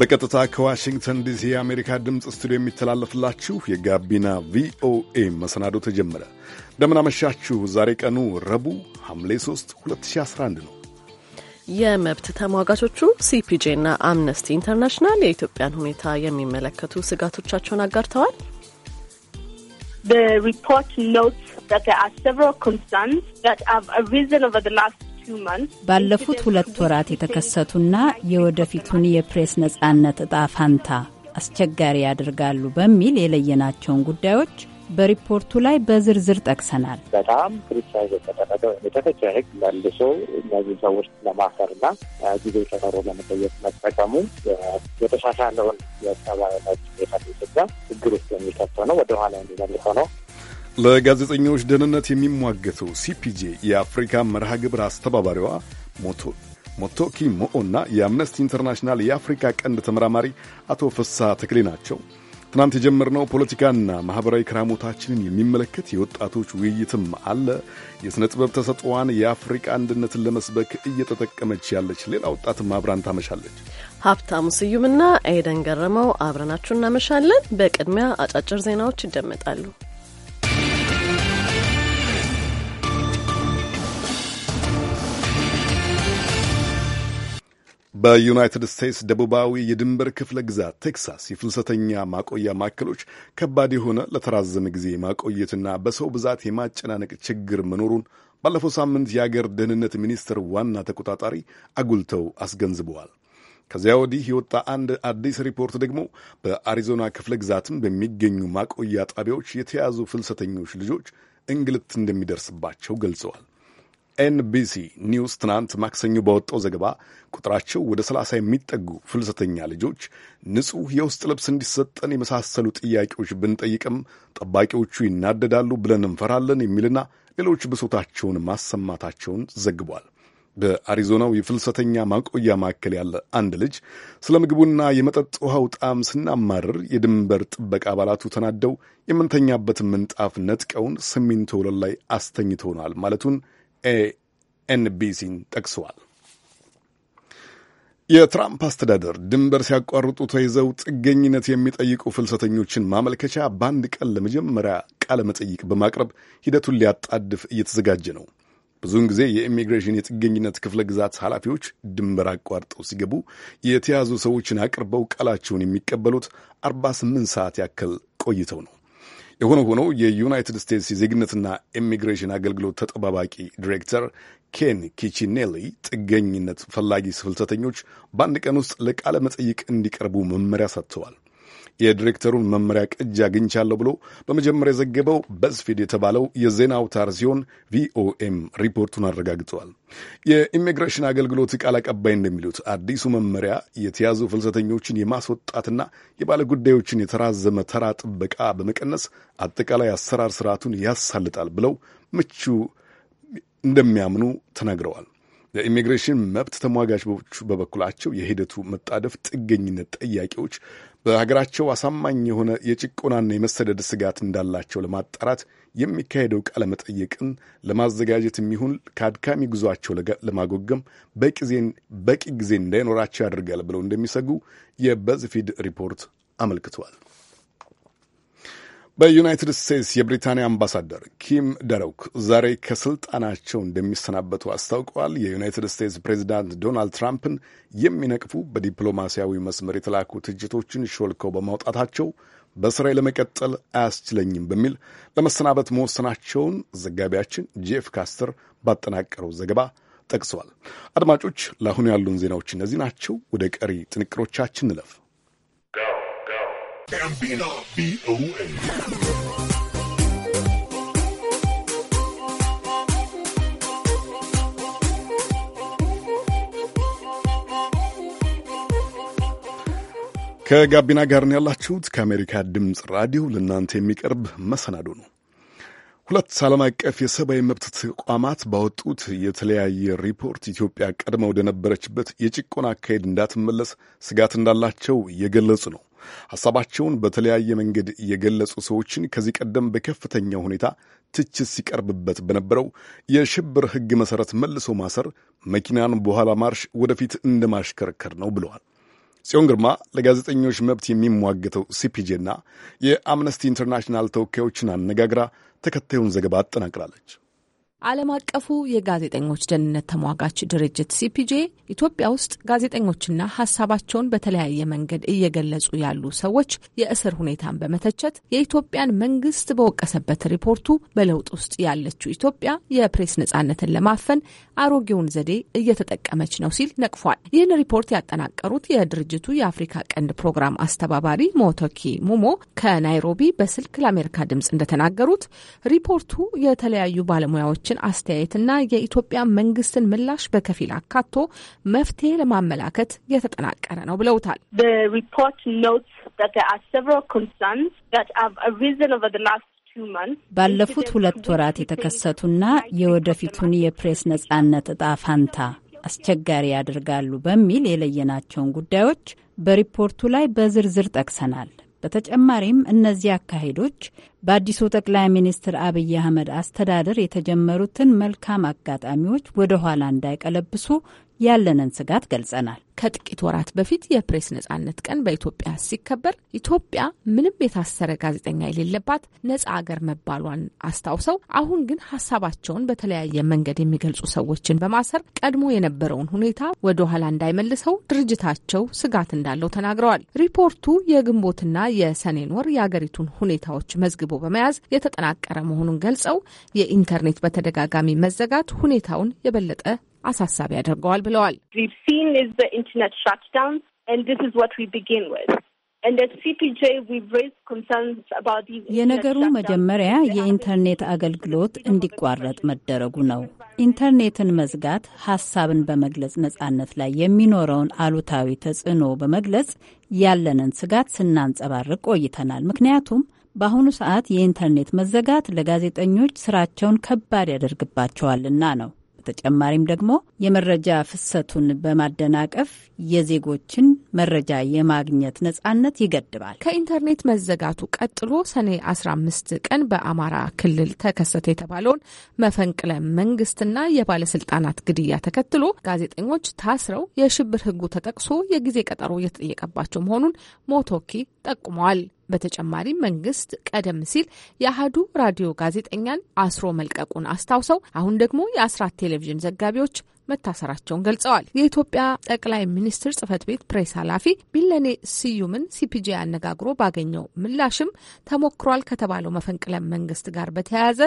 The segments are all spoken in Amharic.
በቀጥታ ከዋሽንግተን ዲሲ የአሜሪካ ድምፅ ስቱዲዮ የሚተላለፍላችሁ የጋቢና ቪኦኤ መሰናዶ ተጀመረ። እንደምናመሻችሁ። ዛሬ ቀኑ ረቡዕ ሐምሌ 3 2011 ነው። የመብት ተሟጋቾቹ ሲፒጄ ሲፒጄና አምነስቲ ኢንተርናሽናል የኢትዮጵያን ሁኔታ የሚመለከቱ ስጋቶቻቸውን አጋርተዋል። The report notes that there are several concerns that have arisen over the last ባለፉት ሁለት ወራት የተከሰቱና የወደፊቱን የፕሬስ ነጻነት እጣ ፋንታ አስቸጋሪ ያደርጋሉ በሚል የለየናቸውን ጉዳዮች በሪፖርቱ ላይ በዝርዝር ጠቅሰናል። በጣም ክሪቲሳይዝ የተደረገ የተተቸ ህግ መልሶ እነዚህ ሰዎች ለማሰርና ጊዜ ቀጠሮ ለመጠየቅ መጠቀሙ የተሻሻለውን የሰብአዊነት ሁኔታ ኢትዮጵያ ችግር ውስጥ የሚከተው ነው፣ ወደኋላ የሚመልሰው ነው። ለጋዜጠኞች ደህንነት የሚሟገተው ሲፒጄ የአፍሪካ መርሃ ግብር አስተባባሪዋ ሞቶኪ ሞኦ እና የአምነስቲ ኢንተርናሽናል የአፍሪካ ቀንድ ተመራማሪ አቶ ፍሳ ተክሌ ናቸው። ትናንት የጀመርነው ፖለቲካና ማኅበራዊ ክራሞታችንን የሚመለከት የወጣቶች ውይይትም አለ። የሥነ ጥበብ ተሰጥኦዋን የአፍሪቃ አንድነትን ለመስበክ እየተጠቀመች ያለች ሌላ ወጣትም አብራን ታመሻለች። ሀብታሙ ስዩምና ኤደን ገረመው አብረናችሁ እናመሻለን። በቅድሚያ አጫጭር ዜናዎች ይደመጣሉ። በዩናይትድ ስቴትስ ደቡባዊ የድንበር ክፍለ ግዛት ቴክሳስ የፍልሰተኛ ማቆያ ማዕከሎች ከባድ የሆነ ለተራዘመ ጊዜ ማቆየትና በሰው ብዛት የማጨናነቅ ችግር መኖሩን ባለፈው ሳምንት የአገር ደህንነት ሚኒስቴር ዋና ተቆጣጣሪ አጉልተው አስገንዝበዋል። ከዚያ ወዲህ የወጣ አንድ አዲስ ሪፖርት ደግሞ በአሪዞና ክፍለ ግዛትም በሚገኙ ማቆያ ጣቢያዎች የተያዙ ፍልሰተኞች ልጆች እንግልት እንደሚደርስባቸው ገልጸዋል። ኤንቢሲ ኒውስ ትናንት ማክሰኞ በወጣው ዘገባ ቁጥራቸው ወደ ሰላሳ የሚጠጉ ፍልሰተኛ ልጆች ንጹሕ የውስጥ ልብስ እንዲሰጠን የመሳሰሉ ጥያቄዎች ብንጠይቅም ጠባቂዎቹ ይናደዳሉ ብለን እንፈራለን የሚልና ሌሎች ብሶታቸውን ማሰማታቸውን ዘግቧል። በአሪዞናው የፍልሰተኛ ማቆያ ማዕከል ያለ አንድ ልጅ ስለ ምግቡና የመጠጥ ውሃው ጣዕም ስናማርር የድንበር ጥበቃ አባላቱ ተናደው የምንተኛበትን ምንጣፍ ነጥቀውን ሲሚንቶ ወለል ላይ አስተኝተውናል ማለቱን ኤንቢሲን ጠቅሰዋል። የትራምፕ አስተዳደር ድንበር ሲያቋርጡ ተይዘው ጥገኝነት የሚጠይቁ ፍልሰተኞችን ማመልከቻ በአንድ ቀን ለመጀመሪያ ቃለ መጠይቅ በማቅረብ ሂደቱን ሊያጣድፍ እየተዘጋጀ ነው። ብዙውን ጊዜ የኢሚግሬሽን የጥገኝነት ክፍለ ግዛት ኃላፊዎች ድንበር አቋርጠው ሲገቡ የተያዙ ሰዎችን አቅርበው ቃላቸውን የሚቀበሉት 48 ሰዓት ያክል ቆይተው ነው። የሆነ ሆኖ የዩናይትድ ስቴትስ የዜግነትና ኢሚግሬሽን አገልግሎት ተጠባባቂ ዲሬክተር ኬን ኪቺኔሊ ጥገኝነት ፈላጊ ፍልሰተኞች በአንድ ቀን ውስጥ ለቃለ መጠይቅ እንዲቀርቡ መመሪያ ሰጥተዋል። የዲሬክተሩን መመሪያ ቅጅ አግኝቻለሁ ብሎ በመጀመሪያ የዘገበው በስፊድ የተባለው የዜና አውታር ሲሆን ቪኦኤም ሪፖርቱን አረጋግጠዋል። የኢሚግሬሽን አገልግሎት ቃል አቀባይ እንደሚሉት አዲሱ መመሪያ የተያዙ ፍልሰተኞችን የማስወጣትና የባለ ጉዳዮችን የተራዘመ ተራ ጥበቃ በመቀነስ አጠቃላይ አሰራር ስርዓቱን ያሳልጣል ብለው ምቹ እንደሚያምኑ ተናግረዋል። የኢሚግሬሽን መብት ተሟጋቾች በበኩላቸው የሂደቱ መጣደፍ ጥገኝነት ጠያቂዎች በሀገራቸው አሳማኝ የሆነ የጭቆናና የመሰደድ ስጋት እንዳላቸው ለማጣራት የሚካሄደው ቃለ መጠየቅን ለማዘጋጀት የሚሆን ከአድካሚ ጉዟቸው ለማጎገም በቂ ጊዜ እንዳይኖራቸው ያደርጋል ብለው እንደሚሰጉ የበዝፊድ ሪፖርት አመልክቷል። በዩናይትድ ስቴትስ የብሪታንያ አምባሳደር ኪም ደረውክ ዛሬ ከስልጣናቸው እንደሚሰናበቱ አስታውቀዋል። የዩናይትድ ስቴትስ ፕሬዚዳንት ዶናልድ ትራምፕን የሚነቅፉ በዲፕሎማሲያዊ መስመር የተላኩ ትችቶችን ሾልከው በማውጣታቸው በስራዬ ለመቀጠል አያስችለኝም በሚል ለመሰናበት መወሰናቸውን ዘጋቢያችን ጄፍ ካስተር ባጠናቀረው ዘገባ ጠቅሰዋል። አድማጮች፣ ለአሁኑ ያሉን ዜናዎች እነዚህ ናቸው። ወደ ቀሪ ጥንቅሮቻችን እንለፍ። ጋቢና ቪኦኤ ከጋቢና ጋር ነው ያላችሁት። ከአሜሪካ ድምፅ ራዲዮ ለእናንተ የሚቀርብ መሰናዶ ነው። ሁለት ዓለም አቀፍ የሰብአዊ መብት ተቋማት ባወጡት የተለያየ ሪፖርት ኢትዮጵያ ቀድማ ወደነበረችበት የጭቆና አካሄድ እንዳትመለስ ስጋት እንዳላቸው እየገለጹ ነው። ሐሳባቸውን በተለያየ መንገድ የገለጹ ሰዎችን ከዚህ ቀደም በከፍተኛ ሁኔታ ትችት ሲቀርብበት በነበረው የሽብር ሕግ መሠረት መልሶ ማሰር መኪናን በኋላ ማርሽ ወደፊት እንደማሽከረከር ነው ብለዋል። ጽዮን ግርማ ለጋዜጠኞች መብት የሚሟገተው ሲፒጄና የአምነስቲ ኢንተርናሽናል ተወካዮችን አነጋግራ ተከታዩን ዘገባ አጠናቅራለች። ዓለም አቀፉ የጋዜጠኞች ደህንነት ተሟጋች ድርጅት ሲፒጄ ኢትዮጵያ ውስጥ ጋዜጠኞችና ሀሳባቸውን በተለያየ መንገድ እየገለጹ ያሉ ሰዎች የእስር ሁኔታን በመተቸት የኢትዮጵያን መንግስት በወቀሰበት ሪፖርቱ በለውጥ ውስጥ ያለችው ኢትዮጵያ የፕሬስ ነጻነትን ለማፈን አሮጌውን ዘዴ እየተጠቀመች ነው ሲል ነቅፏል። ይህን ሪፖርት ያጠናቀሩት የድርጅቱ የአፍሪካ ቀንድ ፕሮግራም አስተባባሪ ሞቶኪ ሙሞ ከናይሮቢ በስልክ ለአሜሪካ ድምጽ እንደተናገሩት ሪፖርቱ የተለያዩ ባለሙያዎች አስተያየት አስተያየትና የኢትዮጵያ መንግስትን ምላሽ በከፊል አካቶ መፍትሄ ለማመላከት የተጠናቀረ ነው ብለውታል። ባለፉት ሁለት ወራት የተከሰቱና የወደፊቱን የፕሬስ ነጻነት እጣ ፋንታ አስቸጋሪ ያደርጋሉ በሚል የለየናቸውን ጉዳዮች በሪፖርቱ ላይ በዝርዝር ጠቅሰናል። በተጨማሪም እነዚህ አካሄዶች በአዲሱ ጠቅላይ ሚኒስትር አብይ አህመድ አስተዳደር የተጀመሩትን መልካም አጋጣሚዎች ወደ ኋላ እንዳይቀለብሱ ያለንን ስጋት ገልጸናል። ከጥቂት ወራት በፊት የፕሬስ ነጻነት ቀን በኢትዮጵያ ሲከበር ኢትዮጵያ ምንም የታሰረ ጋዜጠኛ የሌለባት ነጻ አገር መባሏን አስታውሰው አሁን ግን ሀሳባቸውን በተለያየ መንገድ የሚገልጹ ሰዎችን በማሰር ቀድሞ የነበረውን ሁኔታ ወደ ኋላ እንዳይመልሰው ድርጅታቸው ስጋት እንዳለው ተናግረዋል። ሪፖርቱ የግንቦትና የሰኔን ወር የአገሪቱን ሁኔታዎች መዝግ። ሰብስቦ በመያዝ የተጠናቀረ መሆኑን ገልጸው የኢንተርኔት በተደጋጋሚ መዘጋት ሁኔታውን የበለጠ አሳሳቢ ያደርገዋል ብለዋል። የነገሩ መጀመሪያ የኢንተርኔት አገልግሎት እንዲቋረጥ መደረጉ ነው። ኢንተርኔትን መዝጋት ሀሳብን በመግለጽ ነጻነት ላይ የሚኖረውን አሉታዊ ተጽዕኖ በመግለጽ ያለንን ስጋት ስናንጸባርቅ ቆይተናል። ምክንያቱም በአሁኑ ሰዓት የኢንተርኔት መዘጋት ለጋዜጠኞች ስራቸውን ከባድ ያደርግባቸዋልና ነው። በተጨማሪም ደግሞ የመረጃ ፍሰቱን በማደናቀፍ የዜጎችን መረጃ የማግኘት ነጻነት ይገድባል። ከኢንተርኔት መዘጋቱ ቀጥሎ ሰኔ 15 ቀን በአማራ ክልል ተከሰተ የተባለውን መፈንቅለ መንግስትና የባለስልጣናት ግድያ ተከትሎ ጋዜጠኞች ታስረው የሽብር ሕጉ ተጠቅሶ የጊዜ ቀጠሮ እየተጠየቀባቸው መሆኑን ሞቶኪ ጠቁመዋል። በተጨማሪም መንግስት ቀደም ሲል የአህዱ ራዲዮ ጋዜጠኛን አስሮ መልቀቁን አስታውሰው አሁን ደግሞ የአስራት ቴሌቪዥን ዘጋቢዎች መታሰራቸውን ገልጸዋል። የኢትዮጵያ ጠቅላይ ሚኒስትር ጽህፈት ቤት ፕሬስ ኃላፊ ቢለኔ ስዩምን ሲፒጄ አነጋግሮ ባገኘው ምላሽም ተሞክሯል ከተባለው መፈንቅለ መንግስት ጋር በተያያዘ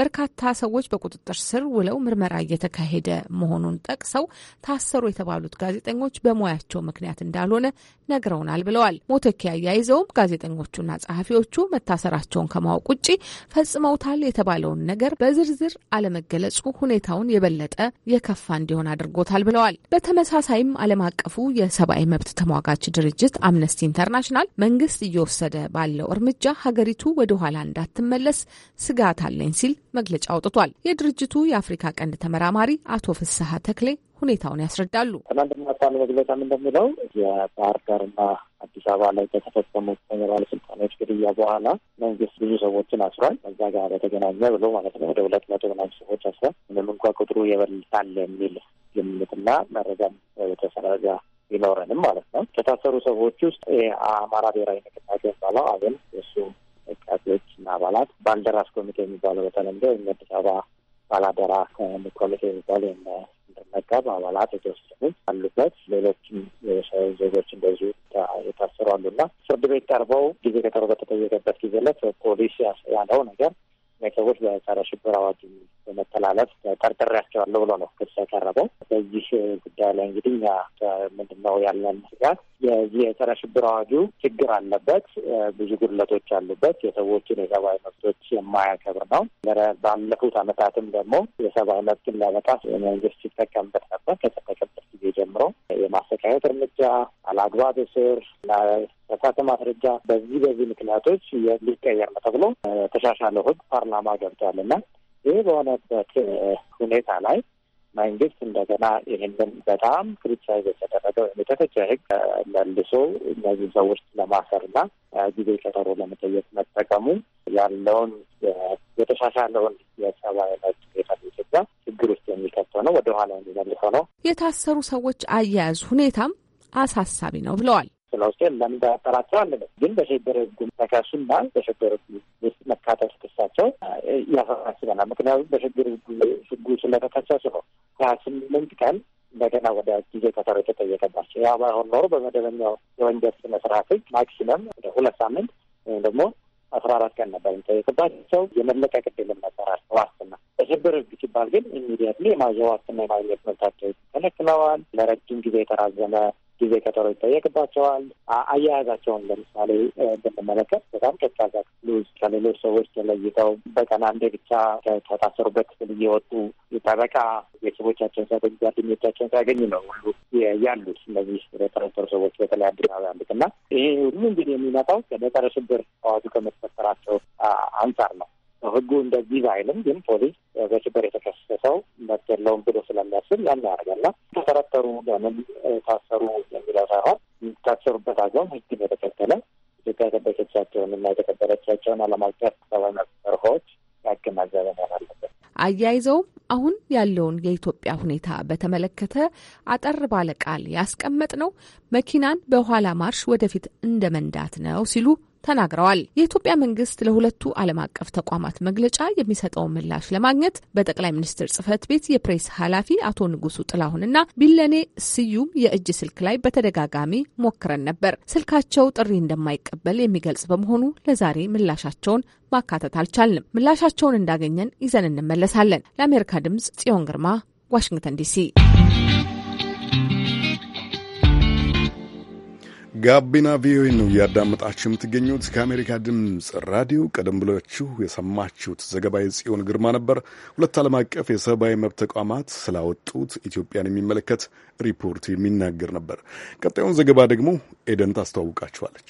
በርካታ ሰዎች በቁጥጥር ስር ውለው ምርመራ እየተካሄደ መሆኑን ጠቅሰው ታሰሩ የተባሉት ጋዜጠኞች በሙያቸው ምክንያት እንዳልሆነ ነግረውናል ብለዋል። ሞተኪ አያይዘውም ጋዜጠኞቹና ጸሐፊዎቹ መታሰራቸውን ከማወቅ ውጭ ፈጽመውታል የተባለውን ነገር በዝርዝር አለመገለጹ ሁኔታውን የበለጠ የከፋ እንዲሆን አድርጎታል ብለዋል። በተመሳሳይም ዓለም አቀፉ የሰብአዊ መብት ተሟጋች ድርጅት አምነስቲ ኢንተርናሽናል መንግስት እየወሰደ ባለው እርምጃ ሀገሪቱ ወደ ኋላ እንዳትመለስ ስጋት አለኝ ሲል መግለጫ አውጥቷል። የድርጅቱ የአፍሪካ ቀንድ ተመራማሪ አቶ ፍስሐ ተክሌ ሁኔታውን ያስረዳሉ። ትናንትና ቃል መግለጫ እንደሚለው የባህር ዳርና አዲስ አበባ ላይ ከተፈጸሙት የባለስልጣኖች ግድያ በኋላ መንግስት ብዙ ሰዎችን አስሯል። ከዛ ጋር በተገናኘ ብሎ ማለት ነው ወደ ሁለት መቶ ምናምን ሰዎች አስሯል። ምንም እንኳ ቁጥሩ ይበልጣል የሚል ግምትና መረጃም የተሰራጋ ቢኖረንም ማለት ነው ከታሰሩ ሰዎች ውስጥ የአማራ ብሔራዊ ንቅናቄ የሚባለው አብን የእሱ ቃዎች እና አባላት ባልደራስ ኮሚቴ የሚባለው በተለምዶ አዲስ አበባ ባላደራ ኮሚቴ የሚባለው የሚመቀብ አባላት የተወሰኑ አሉበት። ሌሎችም ዜጎች እንደዚሁ የታሰሩ አሉና ፍርድ ቤት ቀርበው ጊዜ ቀጠሮ በተጠየቀበት ጊዜ ዕለት ፖሊስ ያለው ነገር ግለሰቦች በጸረ ሽብር አዋጅ በመተላለፍ ጠርጥሬያቸዋለሁ ብሎ ነው ክስ ያቀረበው። በዚህ ጉዳይ ላይ እንግዲህ እኛ ምንድነው ያለን ስጋት የዚህ የጸረ ሽብር አዋጁ ችግር አለበት፣ ብዙ ጉድለቶች አሉበት። የሰዎችን የሰብአዊ መብቶች የማያከብር ነው። ባለፉት አመታትም ደግሞ የሰብአዊ መብትን ለመጣስ መንግስት ሲጠቀምበት ነበር ከተጠቀምበት ጊዜ ጀምሮ የማሰቃየት እርምጃ፣ አላግባብ እስር እና የተሳሳተ ማስረጃ በዚህ በዚህ ምክንያቶች ሊቀየር ነው ተብሎ ተሻሻለው ህግ ፓርላማ ገብቷል እና ይህ በሆነበት ሁኔታ ላይ መንግስት እንደገና ይህንን በጣም ክሪቲሳይዝ የተደረገው የተተቸ ህግ መልሶ እነዚህ ሰዎች ለማሰርና ጊዜ ቀጠሮ ለመጠየቅ መጠቀሙ ያለውን የተሻሻለውን የሰብአዊ መብት ነው ወደ ኋላ እንዲመልሰ ነው። የታሰሩ ሰዎች አያያዝ ሁኔታም አሳሳቢ ነው ብለዋል። ስለ ውስጥ ለምን ጠራጠራቸው አንልም፣ ግን በሽብር ህጉ ተከሱና በሽብር ህጉ ውስጥ መካተት ክሳቸው ያሳስበናል። ምክንያቱም በሽብር ህጉ ህጉ ስለተከሰሱ ነው ሀያ ስምንት ቀን እንደገና ወደ ጊዜ ቀጠሮ የተጠየቀባቸው። ያ ባይሆን ኖሮ በመደበኛው የወንጀል ስነ ስርዓት ህግ ማክሲመም ወደ ሁለት ሳምንት ወይም ደግሞ አስራ አራት ቀን ነበር የሚጠየቅባቸው። የመለቀቅ ድልም ነበራል። ተሰበረች ሲባል ግን ኢሚዲየትሊ የማዘው የማግኘት መብታቸው ተነክለዋል። ለረጅም ጊዜ የተራዘመ ጊዜ ቀጠሮ ይጠየቅባቸዋል። አያያዛቸውን ለምሳሌ ብንመለከት በጣም ቀዝቃዛ ክፍል ውስጥ ከሌሎች ሰዎች ተለይተው በቀን አንዴ ብቻ ከታሰሩበት ክፍል እየወጡ ጠበቃ ቤተሰቦቻቸውን ሲያገኙ፣ ጓደኞቻቸውን ሲያገኙ ነው ሁሉ ያሉት እነዚህ የተረጠሩ ሰዎች በተለይ አዲስ አበባ ያሉት እና ይሄ ሁሉ እንግዲህ የሚመጣው ከጸረ ሽብር አዋጁ ከመተፈራቸው አንጻር ነው። ህጉ እንደዚህ ባይልም ግን ፖሊስ በሽብር የተከሰሰው መብት የለውም ብሎ ስለሚያስብ ያን ያደርጋል። ተጠረጠሩ ለምን ታሰሩ የሚለው ሳይሆን የሚታሰሩበት አግባብ ህግን የተከተለ ኢትዮጵያ የጠበቀቻቸውን እና የተቀበለቻቸውን ዓለም አቀፍ ሰብዓዊ መብት መርሆዎች ያገናዘበ መሆን አለበት። አያይዘውም አሁን ያለውን የኢትዮጵያ ሁኔታ በተመለከተ አጠር ባለ ቃል ያስቀመጥ ነው መኪናን በኋላ ማርሽ ወደፊት እንደ መንዳት ነው ሲሉ ተናግረዋል። የኢትዮጵያ መንግስት ለሁለቱ ዓለም አቀፍ ተቋማት መግለጫ የሚሰጠውን ምላሽ ለማግኘት በጠቅላይ ሚኒስትር ጽህፈት ቤት የፕሬስ ኃላፊ አቶ ንጉሱ ጥላሁንና ቢለኔ ስዩም የእጅ ስልክ ላይ በተደጋጋሚ ሞክረን ነበር። ስልካቸው ጥሪ እንደማይቀበል የሚገልጽ በመሆኑ ለዛሬ ምላሻቸውን ማካተት አልቻልንም። ምላሻቸውን እንዳገኘን ይዘን እንመለሳለን። ለአሜሪካ ድምጽ ጽዮን ግርማ ዋሽንግተን ዲሲ ጋቢና ቪኦኤ ነው እያዳመጣችሁ የምትገኙት ከአሜሪካ ድምፅ ራዲዮ። ቀደም ብላችሁ የሰማችሁት ዘገባ የጽዮን ግርማ ነበር። ሁለት ዓለም አቀፍ የሰብአዊ መብት ተቋማት ስላወጡት ኢትዮጵያን የሚመለከት ሪፖርት የሚናገር ነበር። ቀጣዩን ዘገባ ደግሞ ኤደን ታስተዋውቃችኋለች።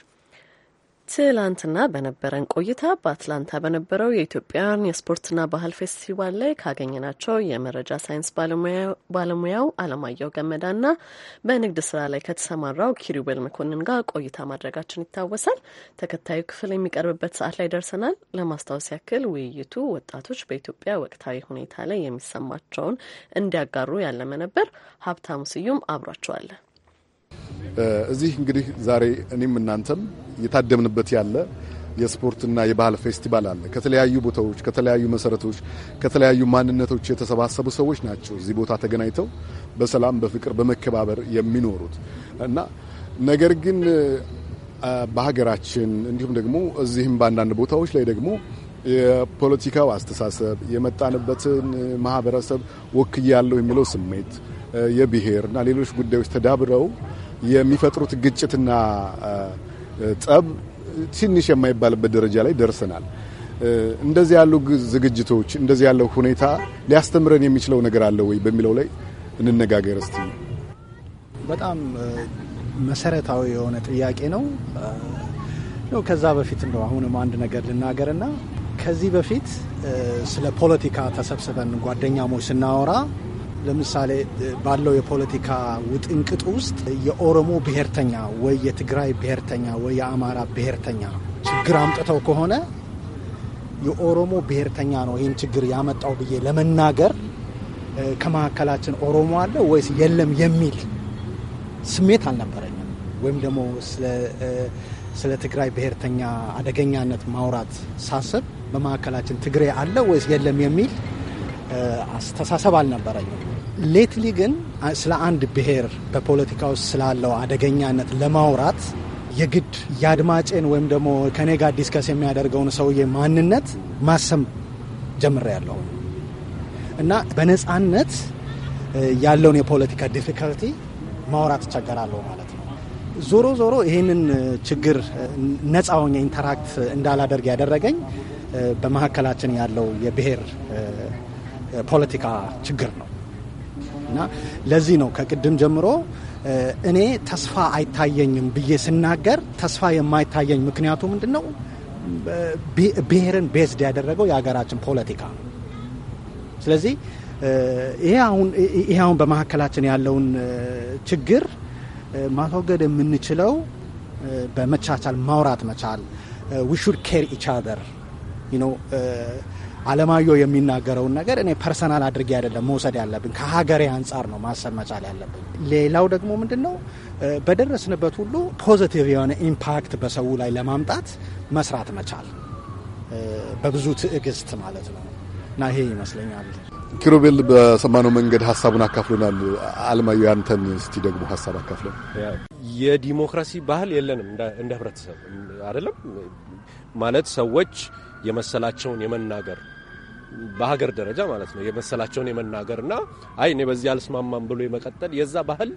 ትላንትና በነበረን ቆይታ በአትላንታ በነበረው የኢትዮጵያን የስፖርትና ባህል ፌስቲቫል ላይ ካገኘናቸው የመረጃ ሳይንስ ባለሙያው አለማየሁ ገመዳና በንግድ ስራ ላይ ከተሰማራው ኪሩቤል መኮንን ጋር ቆይታ ማድረጋችን ይታወሳል። ተከታዩ ክፍል የሚቀርብበት ሰዓት ላይ ደርሰናል። ለማስታወስ ያክል ውይይቱ ወጣቶች በኢትዮጵያ ወቅታዊ ሁኔታ ላይ የሚሰማቸውን እንዲያጋሩ ያለመ ነበር። ሀብታሙ ስዩም አብሯቸዋለን። እዚህ እንግዲህ ዛሬ እኔም እናንተም የታደምንበት ያለ የስፖርትና የባህል ፌስቲቫል አለ። ከተለያዩ ቦታዎች፣ ከተለያዩ መሰረቶች፣ ከተለያዩ ማንነቶች የተሰባሰቡ ሰዎች ናቸው እዚህ ቦታ ተገናኝተው በሰላም በፍቅር በመከባበር የሚኖሩት እና ነገር ግን በሀገራችን እንዲሁም ደግሞ እዚህም በአንዳንድ ቦታዎች ላይ ደግሞ የፖለቲካው አስተሳሰብ የመጣንበትን ማህበረሰብ ወክያለሁ የሚለው ስሜት የብሔር እና ሌሎች ጉዳዮች ተዳብረው የሚፈጥሩት ግጭትና ጠብ ትንሽ የማይባልበት ደረጃ ላይ ደርሰናል። እንደዚህ ያሉ ዝግጅቶች እንደዚህ ያለው ሁኔታ ሊያስተምረን የሚችለው ነገር አለ ወይ በሚለው ላይ እንነጋገር እስቲ። በጣም መሰረታዊ የሆነ ጥያቄ ነው። ከዛ በፊት እንደው አሁንም አንድ ነገር ልናገርና ከዚህ በፊት ስለ ፖለቲካ ተሰብስበን ጓደኛሞች ስናወራ ለምሳሌ ባለው የፖለቲካ ውጥንቅጥ ውስጥ የኦሮሞ ብሔርተኛ ወይ የትግራይ ብሔርተኛ ወይ የአማራ ብሔርተኛ ችግር አምጥተው ከሆነ የኦሮሞ ብሔርተኛ ነው ይህን ችግር ያመጣው ብዬ ለመናገር ከመካከላችን ኦሮሞ አለ ወይስ የለም የሚል ስሜት አልነበረኝም። ወይም ደግሞ ስለ ትግራይ ብሔርተኛ አደገኛነት ማውራት ሳስብ በመካከላችን ትግሬ አለ ወይስ የለም የሚል አስተሳሰብ አልነበረኝም። ሌትሊ ግን ስለ አንድ ብሔር በፖለቲካ ውስጥ ስላለው አደገኛነት ለማውራት የግድ የአድማጬን ወይም ደግሞ ከኔ ጋር ዲስከስ የሚያደርገውን ሰውዬ ማንነት ማሰብ ጀምሬያለሁ እና በነፃነት ያለውን የፖለቲካ ዲፊከልቲ ማውራት እቸገራለሁ ማለት ነው። ዞሮ ዞሮ ይህንን ችግር ነፃ ሆኜ ኢንተራክት እንዳላደርግ ያደረገኝ በመካከላችን ያለው የብሔር የፖለቲካ ችግር ነው እና ለዚህ ነው ከቅድም ጀምሮ እኔ ተስፋ አይታየኝም ብዬ ስናገር ተስፋ የማይታየኝ ምክንያቱ ምንድን ነው? ብሔርን ቤዝድ ያደረገው የሀገራችን ፖለቲካ ነው። ስለዚህ ይሄ አሁን በመካከላችን ያለውን ችግር ማስወገድ የምንችለው በመቻቻል ማውራት መቻል ዊ ሹድ ኬር ኢች አለማየሁ የሚናገረውን ነገር እኔ ፐርሰናል አድርጌ አይደለም መውሰድ ያለብኝ፣ ከሀገሬ አንጻር ነው ማሰብ መቻል ያለብኝ። ሌላው ደግሞ ምንድን ነው በደረስንበት ሁሉ ፖዘቲቭ የሆነ ኢምፓክት በሰው ላይ ለማምጣት መስራት መቻል በብዙ ትዕግስት ማለት ነው እና ይሄ ይመስለኛል። ኪሮቤል በሰማነው መንገድ ሀሳቡን አካፍሎናል። አለማየሁ ያንተን እስቲ ደግሞ ሀሳብ አካፍለ። የዲሞክራሲ ባህል የለንም እንደ ህብረተሰብ አይደለም ማለት ሰዎች የመሰላቸውን የመናገር በሀገር ደረጃ ማለት ነው የመሰላቸውን የመናገር እና አይ እኔ በዚህ አልስማማም ብሎ የመቀጠል የዛ ባህል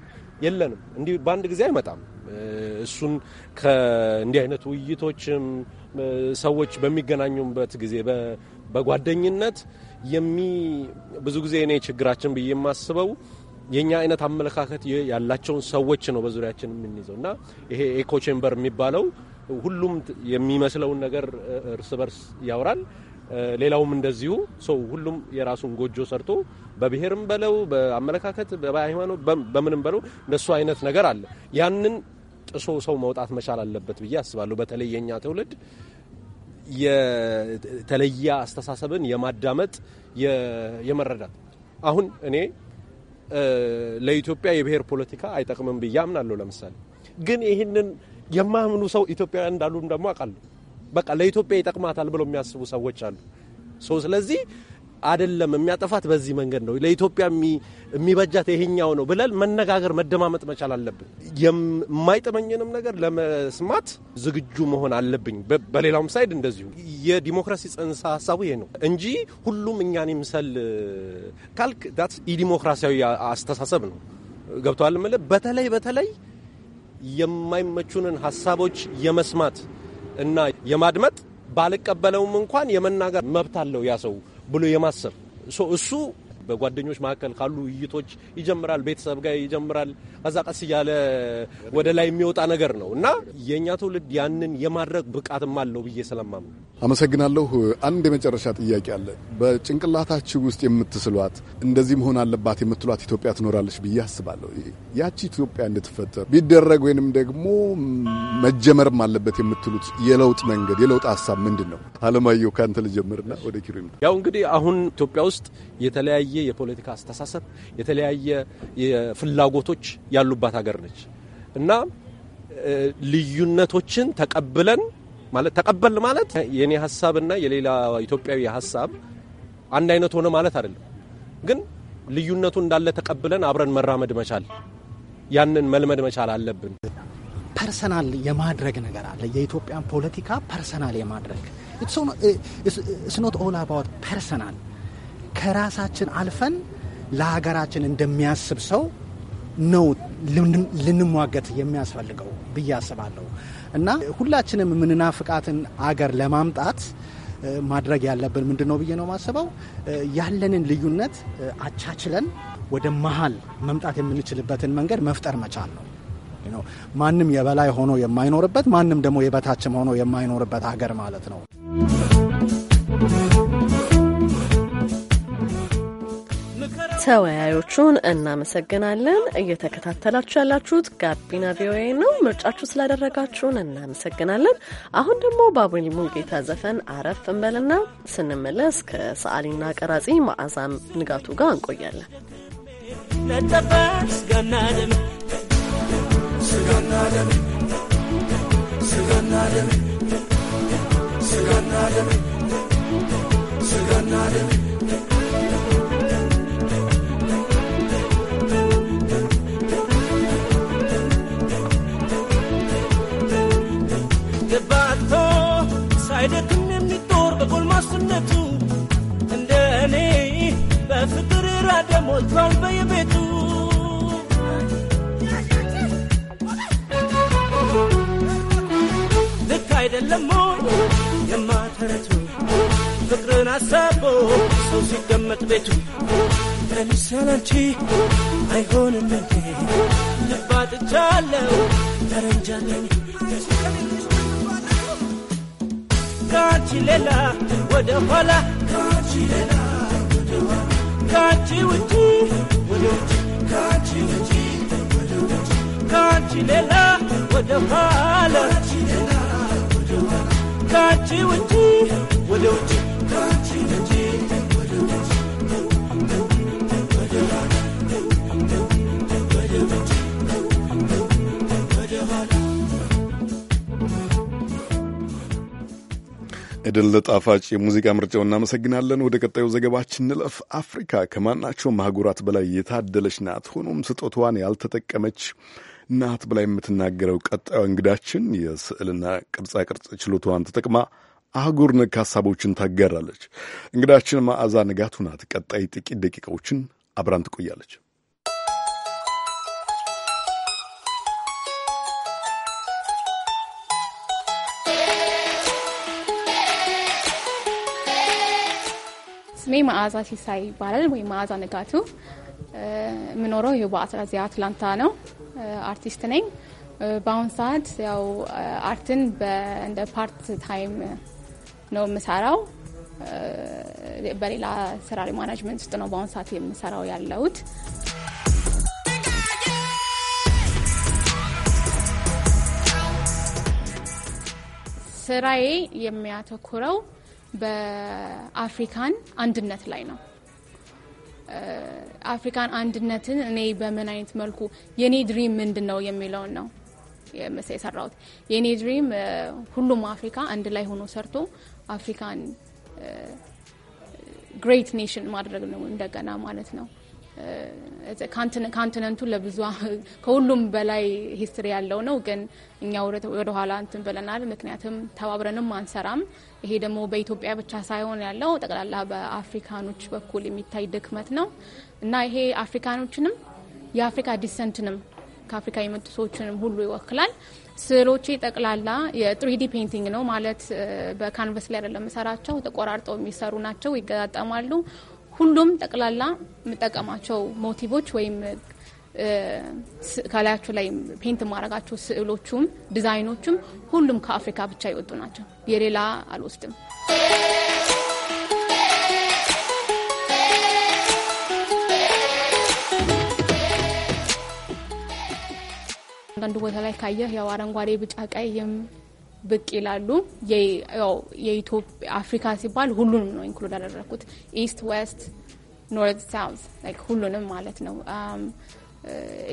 የለንም። እንዲህ በአንድ ጊዜ አይመጣም። እሱን ከእንዲህ አይነት ውይይቶችም ሰዎች በሚገናኙበት ጊዜ በጓደኝነት የሚ ብዙ ጊዜ እኔ ችግራችን ብዬ የማስበው የእኛ አይነት አመለካከት ያላቸውን ሰዎች ነው በዙሪያችን የምንይዘው እና ይሄ ኤኮ ቼምበር የሚባለው ሁሉም የሚመስለውን ነገር እርስ በርስ ያወራል። ሌላውም እንደዚሁ ሰው ሁሉም የራሱን ጎጆ ሰርቶ በብሔርም በለው በአመለካከት በሃይማኖት በምንም በለው እንደሱ አይነት ነገር አለ። ያንን ጥሶ ሰው መውጣት መቻል አለበት ብዬ አስባለሁ። በተለይ የኛ ትውልድ የተለየ አስተሳሰብን የማዳመጥ የመረዳት አሁን እኔ ለኢትዮጵያ የብሔር ፖለቲካ አይጠቅምም ብዬ አምናለሁ። ለምሳሌ ግን ይህንን የማያምኑ ሰው ኢትዮጵያውያን እንዳሉም ደግሞ አውቃለሁ። በቃ ለኢትዮጵያ ይጠቅማታል ብለው የሚያስቡ ሰዎች አሉ። ሰው ስለዚህ አይደለም የሚያጠፋት በዚህ መንገድ ነው፣ ለኢትዮጵያ የሚበጃት ይሄኛው ነው ብለን መነጋገር መደማመጥ መቻል አለብን። የማይጥመኝንም ነገር ለመስማት ዝግጁ መሆን አለብኝ። በሌላውም ሳይድ እንደዚሁ የዲሞክራሲ ጽንሰ ሀሳቡ ይሄ ነው እንጂ ሁሉም እኛን ይምሰል ካልክ ዳት ኢዲሞክራሲያዊ አስተሳሰብ ነው። ገብተዋል ምል በተለይ በተለይ የማይመቹንን ሀሳቦች የመስማት እና የማድመጥ ባልቀበለውም እንኳን የመናገር መብት አለው ያ ሰው ብሎ የማሰብ እሱ በጓደኞች መካከል ካሉ ውይይቶች ይጀምራል፣ ቤተሰብ ጋር ይጀምራል። ከዛ ቀስ እያለ ወደ ላይ የሚወጣ ነገር ነው እና የእኛ ትውልድ ያንን የማድረግ ብቃትም አለው ብዬ ስለማምን አመሰግናለሁ። አንድ የመጨረሻ ጥያቄ አለ። በጭንቅላታችሁ ውስጥ የምትስሏት እንደዚህ መሆን አለባት የምትሏት ኢትዮጵያ ትኖራለች ብዬ አስባለሁ። ያቺ ኢትዮጵያ እንድትፈጠር ቢደረግ ወይንም ደግሞ መጀመርም አለበት የምትሉት የለውጥ መንገድ የለውጥ ሀሳብ ምንድን ነው? አለማየሁ ከአንተ ልጀምርና ወደ ኪሩ። ያው እንግዲህ አሁን ኢትዮጵያ ውስጥ የተለያየ የተለያየ የፖለቲካ አስተሳሰብ፣ የተለያየ ፍላጎቶች ያሉባት ሀገር ነች እና ልዩነቶችን ተቀብለን ማለት ተቀበል ማለት የኔ ሀሳብና የሌላ ኢትዮጵያዊ ሀሳብ አንድ አይነት ሆነ ማለት አይደለም። ግን ልዩነቱ እንዳለ ተቀብለን አብረን መራመድ መቻል ያንን መልመድ መቻል አለብን። ፐርሰናል የማድረግ ነገር አለ። የኢትዮጵያን ፖለቲካ ፐርሰናል የማድረግ ስኖት ኖት ኦል አባውት ፐርሰናል ከራሳችን አልፈን ለሀገራችን እንደሚያስብ ሰው ነው ልንሟገት የሚያስፈልገው ብዬ አስባለሁ። እና ሁላችንም የምንናፍቃትን አገር ለማምጣት ማድረግ ያለብን ምንድን ነው ብዬ ነው የማስበው። ያለንን ልዩነት አቻችለን ወደ መሀል መምጣት የምንችልበትን መንገድ መፍጠር መቻል ነው። ማንም የበላይ ሆኖ የማይኖርበት፣ ማንም ደግሞ የበታችም ሆኖ የማይኖርበት ሀገር ማለት ነው። ተወያዮቹን እናመሰግናለን። እየተከታተላችሁ ያላችሁት ጋቢና ቪኦኤ ነው። ምርጫችሁ ስላደረጋችሁን እናመሰግናለን። አሁን ደግሞ በአቡኒ ሙሉጌታ ዘፈን አረፍ እንበልና ስንመለስ ከሰዓሊና ቀራጺ ማዕዛም ንጋቱ ጋር እንቆያለን። ስጋናደሜ ስጋናደሜ ገባቶ ሳይደክም የሚጦር በጎልማስነቱ እንደ እኔ በፍቅር ራደ ሞልቷል በየቤቱ ልክ አይደለም የማተረቱ ፍቅርን አሰቦ ሰው ሲቀመጥ ቤቱ ለሚሰላንቺ አይሆንም ልባጥቻለው ተረንጃለኝ ካንቺ ሌላ ወደ ኋላ ካንቺ ሌላ ወደ ኋላ ካንቺ ውጪ ወደ ውጪ ካንቺ ውጪ ወደ ውጪ ካንቺ ሌላ ወደ ኋላ ካንቺ ሌላ ወደ ኋላ ካንቺ ውጪ ወደ ውጪ ካንቺ ውጪ ኤደን ለጣፋጭ የሙዚቃ ምርጫው እናመሰግናለን። ወደ ቀጣዩ ዘገባችን እንለፍ። አፍሪካ ከማናቸውም አህጉራት በላይ የታደለች ናት። ሆኖም ስጦትዋን ያልተጠቀመች ናት ብላ የምትናገረው ቀጣዩ እንግዳችን የስዕልና ቅርጻቅርጽ ችሎታዋን ተጠቅማ አህጉር ነክ ሀሳቦችን ታጋራለች። እንግዳችን መዓዛ ንጋቱ ናት። ቀጣይ ጥቂት ደቂቃዎችን አብራን ትቆያለች። ስሜ መዓዛ ሲሳይ ይባላል ወይም መዓዛ ንጋቱ። የምኖረው ይኸው አትላንታ ነው። አርቲስት ነኝ። በአሁን ሰዓት ያው አርትን እንደ ፓርት ታይም ነው የምሰራው። በሌላ ስራ ማናጅመንት ውስጥ ነው በአሁን ሰዓት የምሰራው ያለሁት። ስራዬ የሚያተኩረው በአፍሪካን አንድነት ላይ ነው። አፍሪካን አንድነትን እኔ በምን አይነት መልኩ የኔ ድሪም ምንድን ነው የሚለውን ነው የሰራሁት። የኔ ድሪም ሁሉም አፍሪካ አንድ ላይ ሆኖ ሰርቶ አፍሪካን ግሬት ኔሽን ማድረግ ነው እንደገና ማለት ነው። ካንቲነንቱ eh, ለብዙ ከሁሉም በላይ ሂስትሪ ያለው ነው። ግን እኛ ወደኋላ እንትን ብለናል። ምክንያቱም ተባብረንም አንሰራም። ይሄ ደግሞ በኢትዮጵያ ብቻ ሳይሆን ያለው ጠቅላላ በአፍሪካኖች በኩል የሚታይ ድክመት ነው እና ይሄ አፍሪካኖችንም የአፍሪካ ዲሰንትንም ከአፍሪካ የመጡ ሰዎችንም ሁሉ ይወክላል። ስዕሎቼ ጠቅላላ የትሪዲ ፔንቲንግ ነው ማለት በካንቨስ ላይ አይደለም ተቆራርጠው የሚሰሩ ናቸው፣ ይገጣጠማሉ። ሁሉም ጠቅላላ የምጠቀማቸው ሞቲቮች ወይም ከላያቸው ላይ ፔንት ማድረጋቸው ስዕሎቹም ዲዛይኖቹም ሁሉም ከአፍሪካ ብቻ የወጡ ናቸው። የሌላ አልወስድም። አንዳንዱ ቦታ ላይ ካየህ ያው አረንጓዴ፣ ቢጫ፣ ቀይም ብቅ ይላሉ። የኢትዮጵያ አፍሪካ ሲባል ሁሉንም ነው ኢንክሉድ ያደረግኩት ኢስት ዌስት ኖርት ሳውዝ ሁሉንም ማለት ነው።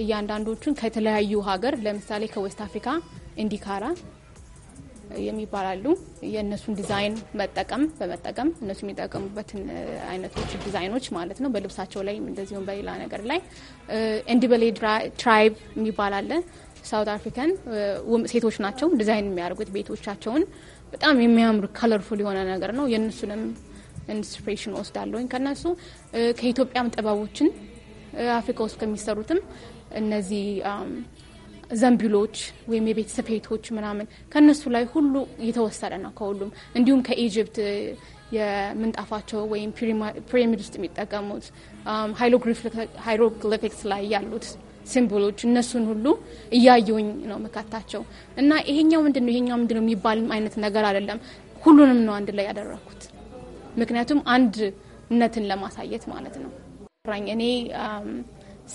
እያንዳንዶቹን ከተለያዩ ሀገር ለምሳሌ ከዌስት አፍሪካ ኢንዲካራ የሚባላሉ የእነሱን ዲዛይን መጠቀም በመጠቀም እነሱ የሚጠቀሙበትን አይነቶች ዲዛይኖች ማለት ነው በልብሳቸው ላይ እንደዚሁም በሌላ ነገር ላይ እንዲበሌ ትራይብ የሚባላለን ሳውት አፍሪካን ሴቶች ናቸው ዲዛይን የሚያደርጉት ቤቶቻቸውን በጣም የሚያምር ከለርፉል የሆነ ነገር ነው። የእነሱንም ኢንስፕሬሽን ወስዳለሁኝ ከእነሱ ከኢትዮጵያም ጥበቦችን አፍሪካ ውስጥ ከሚሰሩትም እነዚህ ዘንቢሎች ወይም የቤት ስፌቶች ምናምን ከእነሱ ላይ ሁሉ እየተወሰደ ነው ከሁሉም እንዲሁም ከኢጅፕት የምንጣፋቸው ወይም ፒራሚድ ውስጥ የሚጠቀሙት ሃይሮግሊፊክስ ላይ ያሉት ሲምቦሎች እነሱን ሁሉ እያየውኝ ነው መካታቸው እና ይሄኛው ምንድን ነው ይሄኛው ምንድን ነው የሚባል አይነት ነገር አይደለም። ሁሉንም ነው አንድ ላይ ያደረኩት፣ ምክንያቱም አንድነትን ለማሳየት ማለት ነው። እኔ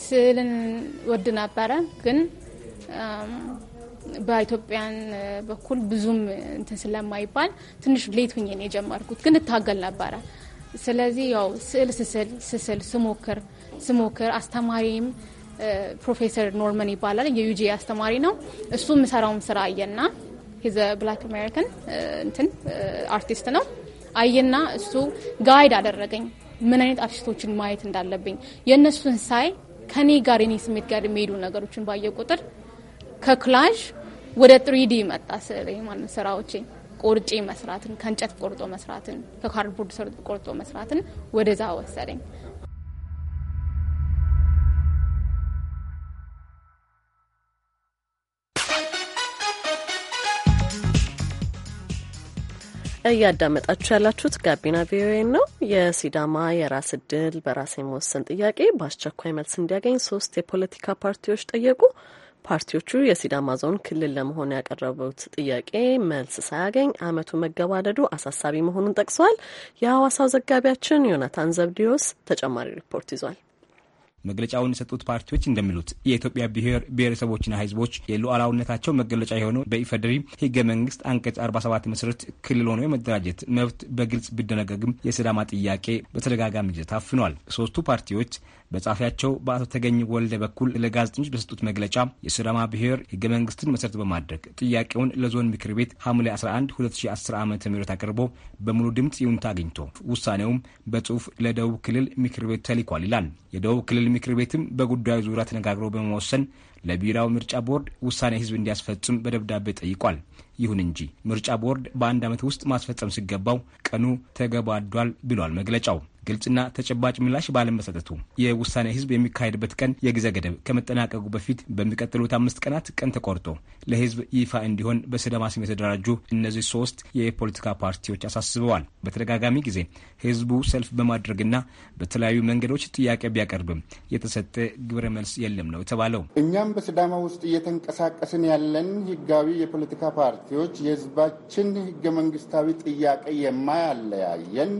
ስዕልን ወድ ነበረ ግን በኢትዮጵያን በኩል ብዙም እንትን ስለማይባል ትንሽ ሌት ሁኜ ነው የጀመርኩት፣ ግን እታገል ነበረ። ስለዚህ ያው ስዕል ስስል ስስል ስሞክር ስሞክር አስተማሪም ፕሮፌሰር ኖርመን ይባላል የዩጂ አስተማሪ ነው። እሱ የምሰራውን ስራ አየና ሂዘ ብላክ አሜሪካን እንትን አርቲስት ነው አየና እሱ ጋይድ አደረገኝ ምን አይነት አርቲስቶችን ማየት እንዳለብኝ የእነሱን ሳይ ከኔ ጋር የኔ ስሜት ጋር የሚሄዱ ነገሮችን ባየ ቁጥር ከክላሽ ወደ ትሪዲ መጣ ስለ ማለት ስራዎቼ ቆርጬ መስራትን ከእንጨት ቆርጦ መስራትን ከካርድቦርድ ቆርጦ መስራትን ወደዛ ወሰደኝ። እያዳመጣችሁ ያላችሁት ጋቢና ቪኦኤ ነው። የሲዳማ የራስ እድል በራስ የመወሰን ጥያቄ በአስቸኳይ መልስ እንዲያገኝ ሶስት የፖለቲካ ፓርቲዎች ጠየቁ። ፓርቲዎቹ የሲዳማ ዞን ክልል ለመሆን ያቀረቡት ጥያቄ መልስ ሳያገኝ ዓመቱ መገባደዱ አሳሳቢ መሆኑን ጠቅሰዋል። የሐዋሳው ዘጋቢያችን ዮናታን ዘብዲዮስ ተጨማሪ ሪፖርት ይዟል። መግለጫውን የሰጡት ፓርቲዎች እንደሚሉት የኢትዮጵያ ብሔር ብሔረሰቦችና ህዝቦች የሉዓላዊነታቸው መገለጫ የሆነው በኢፌዴሪ ህገ መንግስት አንቀጽ 47 መሰረት ክልል ሆኖ የመደራጀት መብት በግልጽ ቢደነገግም የስዳማ ጥያቄ በተደጋጋሚ ጊዜ ታፍኗል። ሶስቱ ፓርቲዎች በጻፊያቸው በአቶ ተገኝ ወልደ በኩል ለጋዜጠኞች በሰጡት መግለጫ የሲዳማ ብሔር ህገ መንግስትን መሰረት በማድረግ ጥያቄውን ለዞን ምክር ቤት ሐምሌ 11 2010 ዓ ም አቅርቦ በሙሉ ድምፅ ይሁንታ አግኝቶ ውሳኔውም በጽሁፍ ለደቡብ ክልል ምክር ቤት ተልኳል ይላል። የደቡብ ክልል ምክር ቤትም በጉዳዩ ዙሪያ ተነጋግሮ በመወሰን ለብሔራዊ ምርጫ ቦርድ ውሳኔ ህዝብ እንዲያስፈጽም በደብዳቤ ጠይቋል። ይሁን እንጂ ምርጫ ቦርድ በአንድ ዓመት ውስጥ ማስፈጸም ሲገባው ቀኑ ተገባዷል ብሏል መግለጫው። ግልጽና ተጨባጭ ምላሽ ባለመሰጠቱ የውሳኔ ህዝብ የሚካሄድበት ቀን የጊዜ ገደብ ከመጠናቀቁ በፊት በሚቀጥሉት አምስት ቀናት ቀን ተቆርጦ ለህዝብ ይፋ እንዲሆን በስዳማ ስም የተደራጁ እነዚህ ሶስት የፖለቲካ ፓርቲዎች አሳስበዋል። በተደጋጋሚ ጊዜ ህዝቡ ሰልፍ በማድረግና በተለያዩ መንገዶች ጥያቄ ቢያቀርብም የተሰጠ ግብረ መልስ የለም ነው የተባለው። እኛም በስዳማ ውስጥ እየተንቀሳቀስን ያለን ህጋዊ የፖለቲካ ፓርቲዎች የህዝባችን ህገ መንግስታዊ ጥያቄ የማያለያየን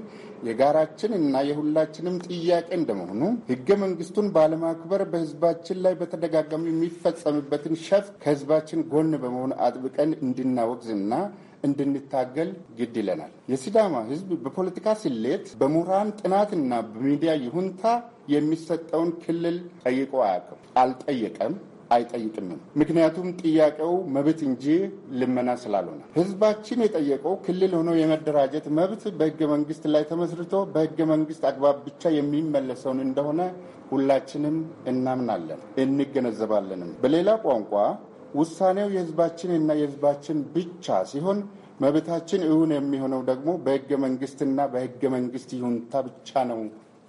የጋራችን እና የሁላችንም ጥያቄ እንደመሆኑ ህገ መንግስቱን ባለማክበር በህዝባችን ላይ በተደጋጋሚ የሚፈጸምበትን ሸፍ ከህዝባችን ጎን በመሆን አጥብቀን እንድናወግዝና እንድንታገል ግድ ይለናል። የሲዳማ ህዝብ በፖለቲካ ስሌት፣ በምሁራን ጥናትና በሚዲያ ይሁንታ የሚሰጠውን ክልል ጠይቆ አያውቅም፣ አልጠየቀም። አይጠይቅምም። ምክንያቱም ጥያቄው መብት እንጂ ልመና ስላልሆነ ህዝባችን የጠየቀው ክልል ሆኖ የመደራጀት መብት በህገ መንግስት ላይ ተመስርቶ በህገ መንግስት አግባብ ብቻ የሚመለሰውን እንደሆነ ሁላችንም እናምናለን፣ እንገነዘባለንም። በሌላ ቋንቋ ውሳኔው የህዝባችን እና የህዝባችን ብቻ ሲሆን መብታችን እውን የሚሆነው ደግሞ በህገ መንግስትና በህገ መንግስት ይሁንታ ብቻ ነው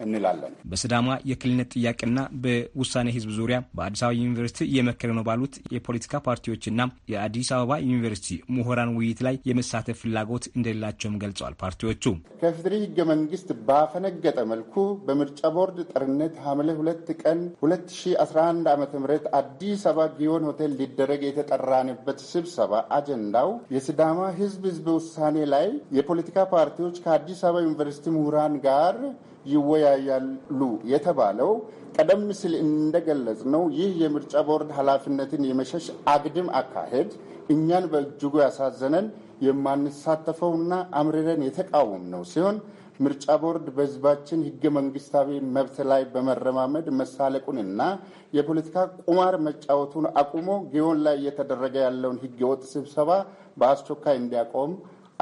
እንላለን። በስዳማ የክልልነት ጥያቄና በውሳኔ ህዝብ ዙሪያ በአዲስ አበባ ዩኒቨርሲቲ እየመከረ ነው ባሉት የፖለቲካ ፓርቲዎችና የአዲስ አበባ ዩኒቨርሲቲ ምሁራን ውይይት ላይ የመሳተፍ ፍላጎት እንደሌላቸውም ገልጸዋል። ፓርቲዎቹ ከፍትሪ ህገ መንግስት ባፈነገጠ መልኩ በምርጫ ቦርድ ጠርነት ሐምሌ ሁለት ቀን 2011 ዓ ም አዲስ አበባ ጊዮን ሆቴል ሊደረግ የተጠራንበት ስብሰባ አጀንዳው የስዳማ ህዝብ ህዝብ ውሳኔ ላይ የፖለቲካ ፓርቲዎች ከአዲስ አበባ ዩኒቨርሲቲ ምሁራን ጋር ይወያያሉ የተባለው ቀደም ሲል እንደገለጽ ነው። ይህ የምርጫ ቦርድ ኃላፊነትን የመሸሽ አግድም አካሄድ እኛን በእጅጉ ያሳዘነን የማንሳተፈውና አምርረን የተቃወም ነው ሲሆን ምርጫ ቦርድ በሕዝባችን ህገ መንግስታዊ መብት ላይ በመረማመድ መሳለቁንና የፖለቲካ ቁማር መጫወቱን አቁሞ ጊዮን ላይ እየተደረገ ያለውን ህገወጥ ስብሰባ በአስቸኳይ እንዲያቆም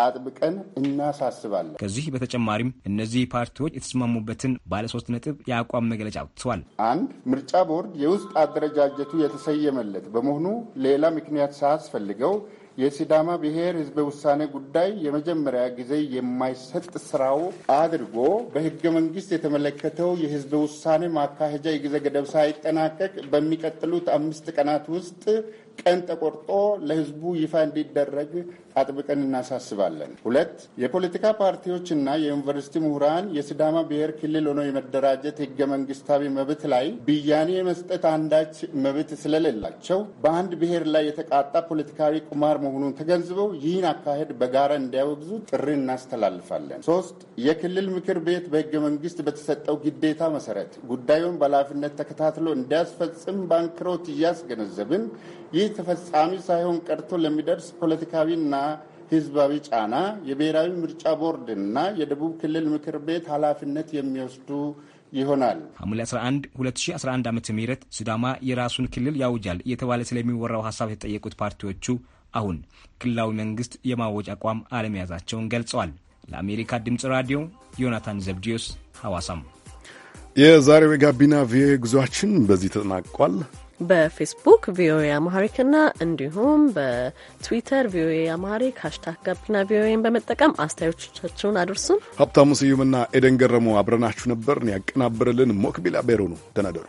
አጥብቀን እናሳስባለን። ከዚህ በተጨማሪም እነዚህ ፓርቲዎች የተስማሙበትን ባለሶስት ነጥብ የአቋም መግለጫ አውጥተዋል። አንድ ምርጫ ቦርድ የውስጥ አደረጃጀቱ የተሰየመለት በመሆኑ ሌላ ምክንያት ሳያስፈልገው የሲዳማ ብሔር ህዝበ ውሳኔ ጉዳይ የመጀመሪያ ጊዜ የማይሰጥ ስራው አድርጎ በሕገ መንግስት የተመለከተው የህዝበ ውሳኔ ማካሄጃ የጊዜ ገደብ ሳይጠናቀቅ በሚቀጥሉት አምስት ቀናት ውስጥ ቀን ተቆርጦ ለህዝቡ ይፋ እንዲደረግ አጥብቀን እናሳስባለን። ሁለት የፖለቲካ ፓርቲዎችና የዩኒቨርሲቲ ምሁራን የሲዳማ ብሔር ክልል ሆኖ የመደራጀት ህገ መንግስታዊ መብት ላይ ብያኔ የመስጠት አንዳች መብት ስለሌላቸው በአንድ ብሔር ላይ የተቃጣ ፖለቲካዊ ቁማር መሆኑን ተገንዝበው ይህን አካሄድ በጋራ እንዲያወግዙ ጥሪ እናስተላልፋለን። ሶስት የክልል ምክር ቤት በህገ መንግስት በተሰጠው ግዴታ መሰረት ጉዳዩን በኃላፊነት ተከታትሎ እንዲያስፈጽም ባንክሮት እያስገነዘብን ይህ ተፈጻሚ ሳይሆን ቀርቶ ለሚደርስ ፖለቲካዊና ህዝባዊ ጫና የብሔራዊ ምርጫ ቦርድ ና የደቡብ ክልል ምክር ቤት ኃላፊነት የሚወስዱ ይሆናል። ሐምሌ 11 2011 ዓ ም ሲዳማ የራሱን ክልል ያውጃል እየተባለ ስለሚወራው ሀሳብ የተጠየቁት ፓርቲዎቹ አሁን ክልላዊ መንግስት የማወጅ አቋም አለመያዛቸውን ገልጸዋል። ለአሜሪካ ድምፅ ራዲዮ ዮናታን ዘብዲዮስ ሐዋሳም። የዛሬው የጋቢና ቪኦኤ ጉዟችን በዚህ ተጠናቋል። በፌስቡክ ቪኦኤ አማሐሪክና እንዲሁም በትዊተር ቪኦኤ አማሪክ ሀሽታግ ጋቢና ቪኦኤን በመጠቀም አስተያየቶቻችሁን አድርሱን። ሀብታሙ ስዩምና ኤደን ገረሙ አብረናችሁ ነበር። ያቀናበረልን ሞክቢላ ቤሮ ነው። ተናደሩ